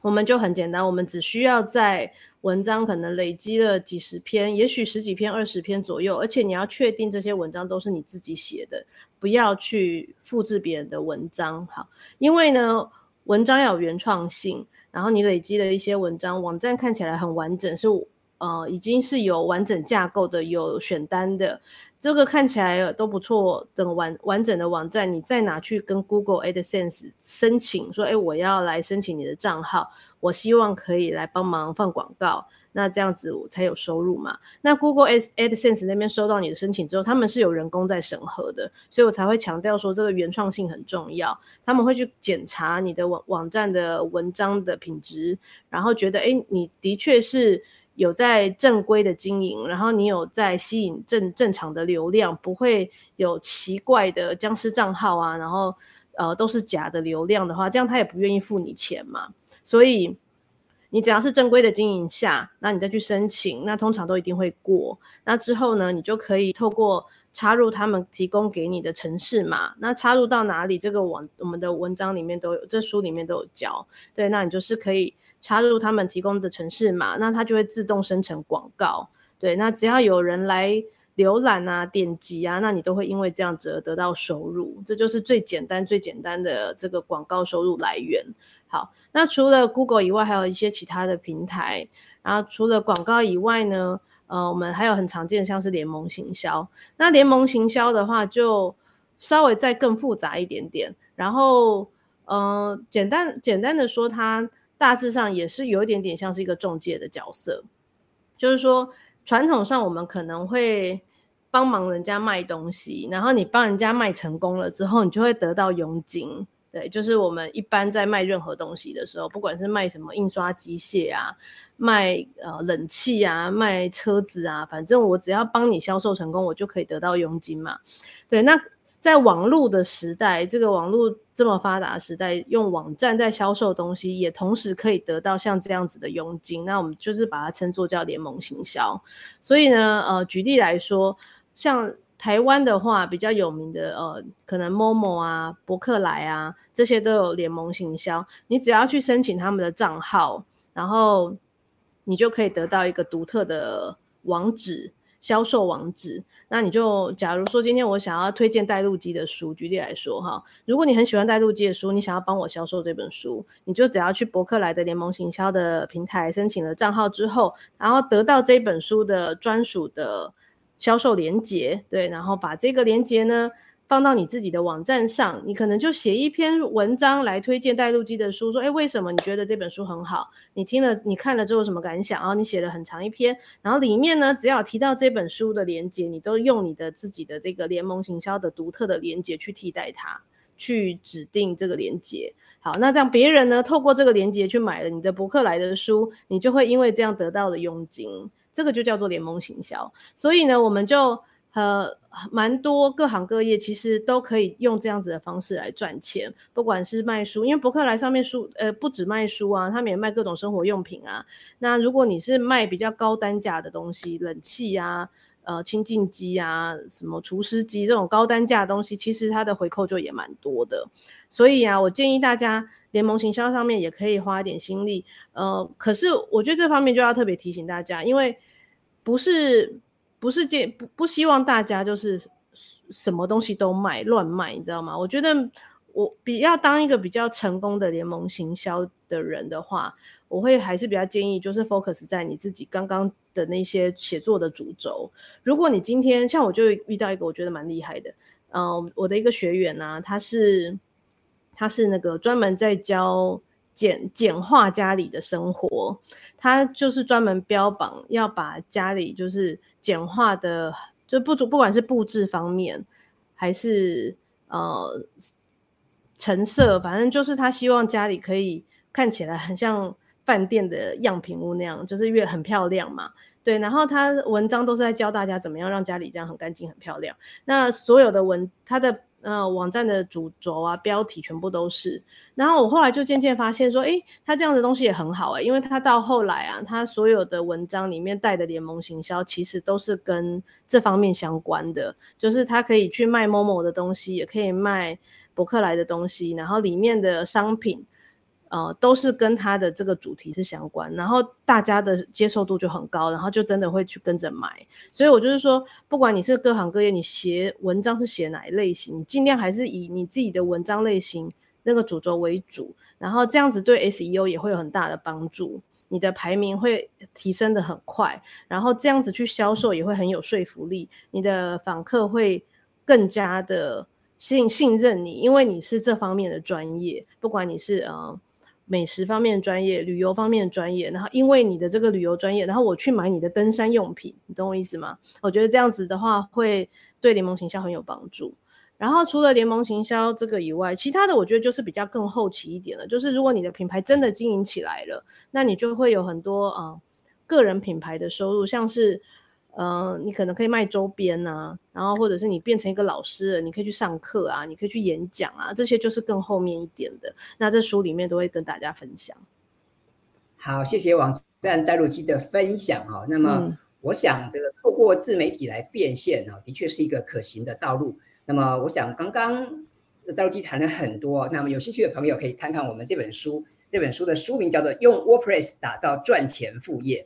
我們就很簡單，我們只需要在文章可能累積了幾十篇，也許十幾篇、二十篇左右，而且你要確定這些文章都是你自己寫的。不要去複製別人的文章，哈，因為呢，文章要有原創性。然後你累積的一些文章，網站看起來很完整，是呃，已經是有完整架構的，有選單的。這個看起來都不錯，整完完整的網站，你再拿去跟 Google AdSense 申請，說，哎，我要來申請你的賬號，我希望可以來幫忙放廣告，那這樣子我才有收入嘛。那 Google Ad, AdSense 那邊收到你的申請之後，他們是有人工在審核的，所以我才會強調說，這個原創性很重要，他們會去檢查你的網網站的文章的品質，然後覺得，哎，你的確是。有在正規的經營，然後你有在吸引正正常的流量，不會有奇怪的殭屍賬號啊，然後呃都是假的流量的話，這樣他也不願意付你錢嘛，所以。你只要是正規的經營下，那你再去申請，那通常都一定會過。那之後呢，你就可以透過插入他們提供給你的程式碼，那插入到哪裡？這個網我們的文章裡面都有，這書裡面都有教。對，那你就是可以插入他們提供的程式碼，那它就會自動生成廣告。對，那只要有人來瀏覽啊、點擊啊，那你都會因為這樣子而得到收入。這就是最簡單、最簡單的這個廣告收入來源。好，那除了 Google 以外，還有一些其他的平台。然後除了廣告以外呢，呃，我們還有很常見的像是聯盟行銷。那聯盟行銷的話，就稍微再更複雜一點點。然後，呃，簡單簡單的說，它大致上也是有一點點像是一個中介的角色。就是說，傳統上我們可能會幫忙人家賣東西，然後你幫人家賣成功了之後，你就會得到佣金。對，就是我們一般在賣任何東西的時候，不管是賣什麼印刷機械啊，賣呃冷氣啊，賣車子啊，反正我只要幫你銷售成功，我就可以得到佣金嘛。對，那在網絡的時代，這個網絡這麼發達的時代，用網站在銷售東西，也同時可以得到像這樣子的佣金。那我們就是把它稱作叫聯盟行銷。所以呢，呃，舉例來說，像台灣的話，比較有名的呃，可能 Momo 啊、博客來啊，這些都有聯盟行銷。你只要去申請他們的賬號，然後你就可以得到一個獨特的網址，銷售網址。那你就，假如說今天我想要推薦帶路姬的書，舉例來說哈，如果你很喜歡帶路姬的書，你想要幫我銷售這本書，你就只要去博客來的聯盟行銷的平台申請了賬號之後，然後得到這本書的專屬的，銷售鏈接，對，然後把這個鏈接呢放到你自己的網站上，你可能就寫一篇文章來推薦帶路姬的書，說，誒，為什麼你覺得這本書很好？你聽了、你看了之後什麼感想？啊，然後你寫了很長一篇，然後裡面呢，只要提到這本書的鏈接，你都用你的自己的這個聯盟行銷的獨特的鏈接去替代它，去指定這個鏈接。好，那這樣別人呢，透過這個鏈接去買了你的博客來的書，你就會因為這樣得到的佣金。這個就叫做聯盟行銷，所以呢，我們就呃蠻多各行各業其實都可以用這樣子的方式來賺錢，不管是賣書，因為博客來上面書呃不止賣書啊，他們也賣各種生活用品啊。那如果你是賣比較高單價的東西，冷氣啊。呃，清淨機啊，什麼廚師機這種高單價的東西，其實它的回扣就也蠻多的。所以啊，我建議大家聯盟行銷上面也可以花一點心力。呃，可是我覺得這方面就要特別提醒大家，因為不是不是建不不希望大家就是什麼東西都賣亂賣，你知道嗎？我覺得。我比要當一個比較成功的聯盟行銷的人的話，我會還是比較建議就是 focus 在你自己剛剛的那些寫作的主軸。如果你今天像我就遇到一個我覺得蠻厲害的，嗯、呃，我的一個學員呢、啊，他是他是那個專門在教簡簡化家裡的生活，他就是專門標榜要把家裡就是簡化的，就不不管是佈置方面還是呃。成色反正就是他希望家裡可以看起來很像飯店的樣品屋那樣，就是越很漂亮嘛。對，然後他文章都是在教大家怎麼樣讓家裡這樣很乾淨、很漂亮。那所有的文，他的呃網站的主軸啊、標題全部都是。然後我後來就漸漸發現說，誒、欸，他這樣的東西也很好啊、欸，因為他到後來啊，他所有的文章裡面帶的聯盟行銷，其實都是跟這方面相關的，就是他可以去賣某某的東西，也可以賣。博客來的東西，然後裡面的商品，呃，都是跟它的這個主題是相關，然後大家的接受度就很高，然後就真的會去跟着買。所以我就是說，不管你是各行各業，你寫文章是寫哪一類型，你盡量還是以你自己的文章類型那個主軸為主，然後這樣子對 SEO 也會有很大的幫助，你的排名會提升得很快，然後這樣子去銷售也會很有說服力，你的訪客會更加的。信信任你，因為你是這方面的專業，不管你是嗯、呃、美食方面的專業、旅遊方面的專業，然後因為你的這個旅遊專業，然後我去買你的登山用品，你懂我意思嗎？我覺得這樣子的話會對聯盟行銷很有幫助。然後除了聯盟行銷這個以外，其他的我覺得就是比較更後期一點了，就是如果你的品牌真的經營起來了，那你就會有很多啊、呃、個人品牌的收入，像是。呃，你可能可以賣周邊吶、啊，然後或者是你變成一個老師了，你可以去上課啊，你可以去演講啊，這些就是更後面一點的。那這書裡面都會跟大家分享。好，謝謝網站帶路姬的分享哈、哦。那麼，我想這個透過自媒體來變現啊、哦，的確是一個可行的道路。那麼，我想剛剛帶路姬談了很多，那麼有興趣的朋友可以看看我們這本書，這本書的書名叫做《用 WordPress 打造賺錢副業》。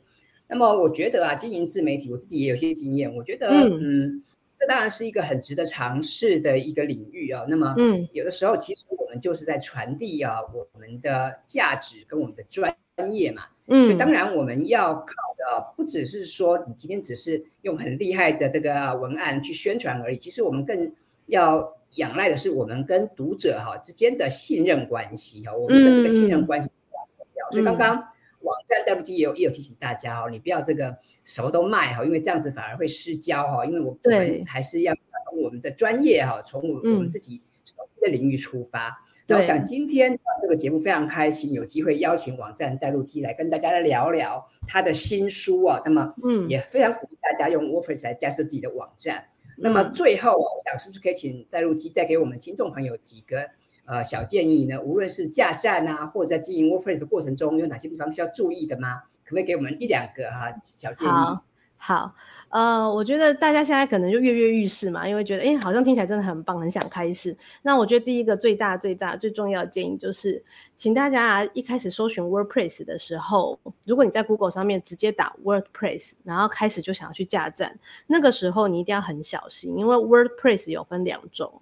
那麼我覺得啊，經營自媒體，我自己也有些經驗。我覺得，嗯，嗯，這當然是一個很值得嘗試的一個領域啊。那麼，嗯，有的時候其實我們就是在傳遞啊，嗯、我們的價值跟我們的專業嘛。嗯，所以當然我們要靠的不只是說，你今天只是用很厲害的這個文案去宣傳而已。其實我們更要仰賴的是我們跟讀者哈之間的信任關係啊。我們的這個信任關係非常重要。嗯、所以剛剛。網站帶路姬也也有提醒大家哦，你不要這個什麼都賣哈，因為這樣子反而會失焦哈，因為我們還是要從我們的專業哈，對從我們自己熟悉的領域出發。嗯、那我想今天這個節目非常開心，有機會邀請網站帶路姬來跟大家來聊聊他的新書啊。嗯、那麼，也非常鼓勵大家用 WordPress 來建設自己的網站。嗯、那麼最後啊，我想是不是可以請帶路姬再給我們聽眾朋友幾個呃，小建議呢，無論是架站啊，或者在經營 WordPress 的過程中，有哪些地方需要注意的嗎？可不可以給我們一兩個啊，小建議？好，好，呃，我覺得大家現在可能就躍躍欲試嘛，因為覺得誒，好像聽起來真的很棒，很想開始。那我覺得第一個最大、最大、最重要的建議就是，請大家一開始搜尋 WordPress 的時候，如果你在 Google 上面直接打 WordPress，然後開始就想要去架站，那個時候你一定要很小心，因為 WordPress 有分兩種。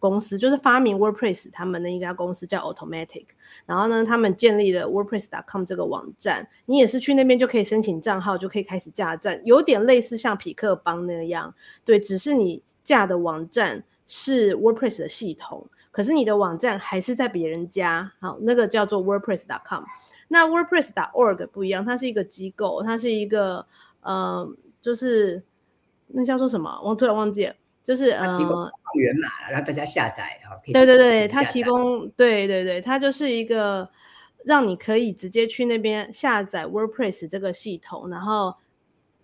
公司就是發明 WordPress，他們的一家公司叫 Automattic，然後呢，他們建立了 WordPress.com 這個網站，你也是去那邊就可以申請賬號就可以開始架站，有點類似像痞客邦那樣。對，只是你架的網站是 WordPress 的系統，可是你的網站還是在別人家。好，那個叫做 WordPress.com。那 WordPress.org 不一樣，它是一個機構，它是一個，嗯、呃，就是那叫做什麼？我突然忘記了。就是呃，提供源碼，嗯、讓大家下載對對對，它提供，對對對，它就是一個讓你可以直接去那邊下載 WordPress 這個系統，然後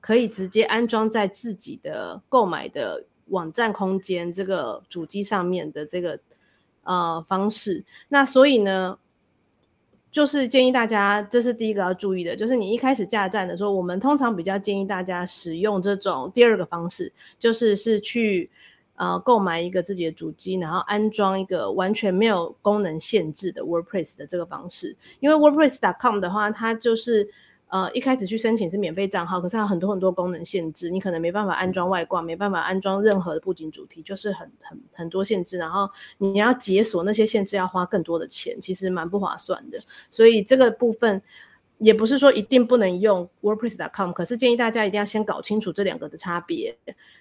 可以直接安裝在自己的購買的網站空間這個主機上面的這個呃方式。那所以呢？就是建議大家，這是第一個要注意的，就是你一開始架站的時候，我們通常比較建議大家使用這種第二個方式，就是是去呃購買一個自己的主機，然後安裝一個完全沒有功能限制的 WordPress 的這個方式，因為 WordPress.com 的話，它就是。呃，一開始去申請是免費賬號，可是它有很多很多功能限制，你可能沒辦法安裝外掛，沒辦法安裝任何的布景主題，就是很很很多限制。然後你要解鎖那些限制，要花更多的錢，其實蠻不划算的。所以這個部分也不是說一定不能用 WordPress.com，可是建議大家一定要先搞清楚這兩個的差別，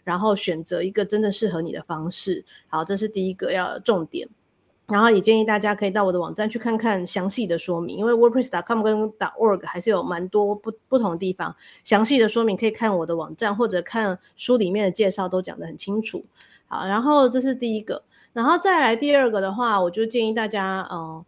然後選擇一個真正適合你的方式。好，這是第一個要重點。然後也建議大家可以到我的網站去看看詳細的說明，因為 WordPress.com 跟 .org 還是有蠻多不不同的地方。詳細的說明可以看我的網站或者看書裡面的介紹，都講得很清楚。好，然後這是第一個，然後再來第二個的話，我就建議大家嗯、呃、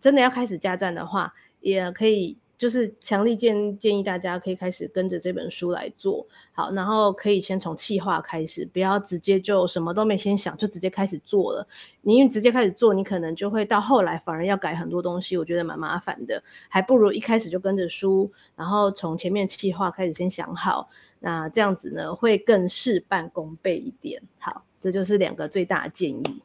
真的要開始架站的話，也可以。就是強力建建議大家可以開始跟着這本書來做。好，然後可以先從企劃開始，不要直接就什麼都沒先想就直接開始做了。你因為直接開始做，你可能就會到後來反而要改很多東西，我覺得蠻麻煩的，還不如一開始就跟着書，然後從前面企劃開始先想好，那這樣子呢會更事半功倍一點。好，這就是兩個最大的建議。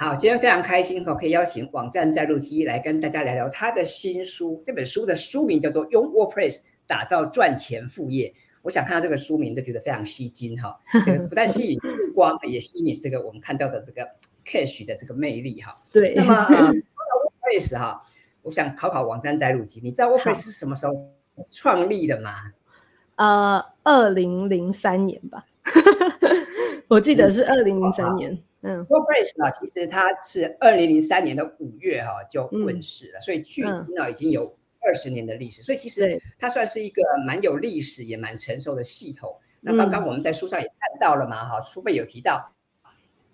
好，今天非常開心哈，可以邀請網站帶路姬來跟大家聊聊他的新書。這本書的書名叫做《用 WordPress 打造賺錢副業》。我想看到這個書名都覺得非常吸睛哈， (laughs) 不但吸引目光，也吸引這個我們看到的這個 cash 的這個魅力哈。對。 (laughs) 那麼 WordPress 哈，嗯啊、我想考考網站帶路姬，你知道 WordPress 好是什麼時候創立的嗎？呃，二零零三年吧， (laughs) 我記得是二零零三年。 (laughs) 嗯，WordPress 呢，mm. face, 其實它是二零零三年的五月哈就問世了，mm. 所以距今呢已經有二十年的歷史，mm. 所以其實它算是一個蠻有歷史也蠻成熟的系統。那剛剛我們在書上也看到了嘛，哈，書本有提到，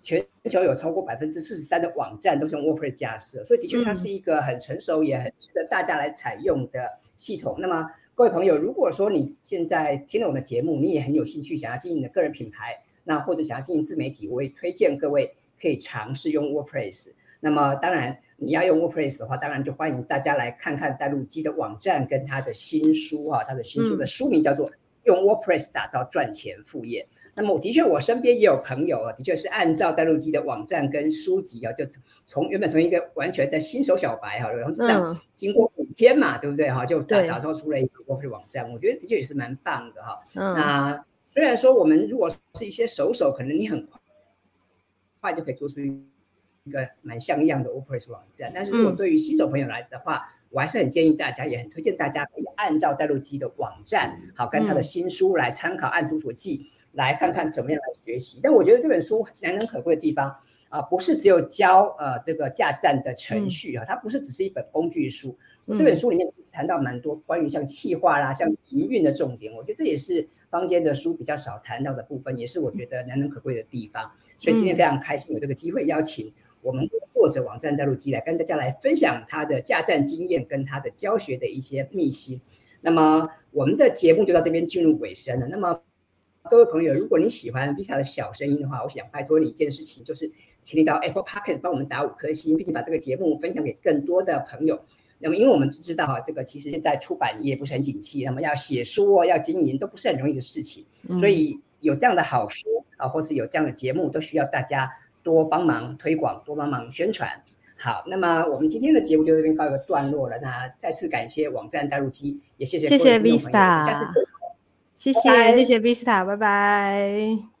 全球有超過百分之四十三的網站都是用 WordPress 架設，所以的確它是一個很成熟也很值得大家來採用的系統。那麼各位朋友，如果說你現在聽了我的節目，你也很有興趣想要經營你的個人品牌。那或者想要進行自媒體，我也推薦各位可以嘗試用 WordPress。那麼當然你要用 WordPress 的話，當然就歡迎大家來看看帶路姬的網站跟他的新書哈、啊，他的新書的書名叫做《用 WordPress 打造賺錢副業》。嗯、那麼我的確，我身邊也有朋友啊，的確是按照帶路姬的網站跟書籍啊，就從原本從一個完全的新手小白哈、啊，然後這樣經過五天嘛，對不對哈、啊，就打對打造出了一個 WordPress 網站，我覺得的確也是蠻棒的哈、啊。嗯、那。雖然說我們如果是一些熟手，手，可能你很快就可以做出一個蠻像樣的 WordPress 網站。但是，如果對於新手朋友來的話，嗯、我還是很建議大家，也很推薦大家可以按照帶路姬的網站，嗯、好跟他的新書來參考《嗯、按圖索驥》，來看看怎麼樣來學習。但我覺得這本書難能可貴的地方啊、呃，不是只有教呃這個架站的程序啊、嗯哦，它不是只是一本工具書。嗯、我這本書裡面其實談到蠻多關於像企劃啦、像營運的重點，我覺得這也是。坊間的書比較少談到的部分，也是我覺得難能可貴的地方。所以今天非常開心有這個機會邀請我們的作者網站帶路姬來跟大家來分享他的架站經驗跟他的教學的一些秘辛。那麼我們的節目就到這邊進入尾聲了。那麼各位朋友，如果你喜歡 Vista 的小聲音的話，我想拜託你一件事情，就是請你到 Apple Podcast 幫我們打五顆星，並且把這個節目分享給更多的朋友。那麼，因為我們知道啊，這個其實現在出版業不是很景氣，那麼要寫書哦，要經營都不是很容易的事情，嗯、所以有這樣的好書啊，或是有這樣的節目，都需要大家多幫忙推廣，多幫忙宣傳。好，那麼我們今天的節目就這邊告一個段落了。那再次感謝網站帶路姬也謝謝各位朋友，謝謝 Vista，謝謝 Bye 謝謝 Vista，拜拜。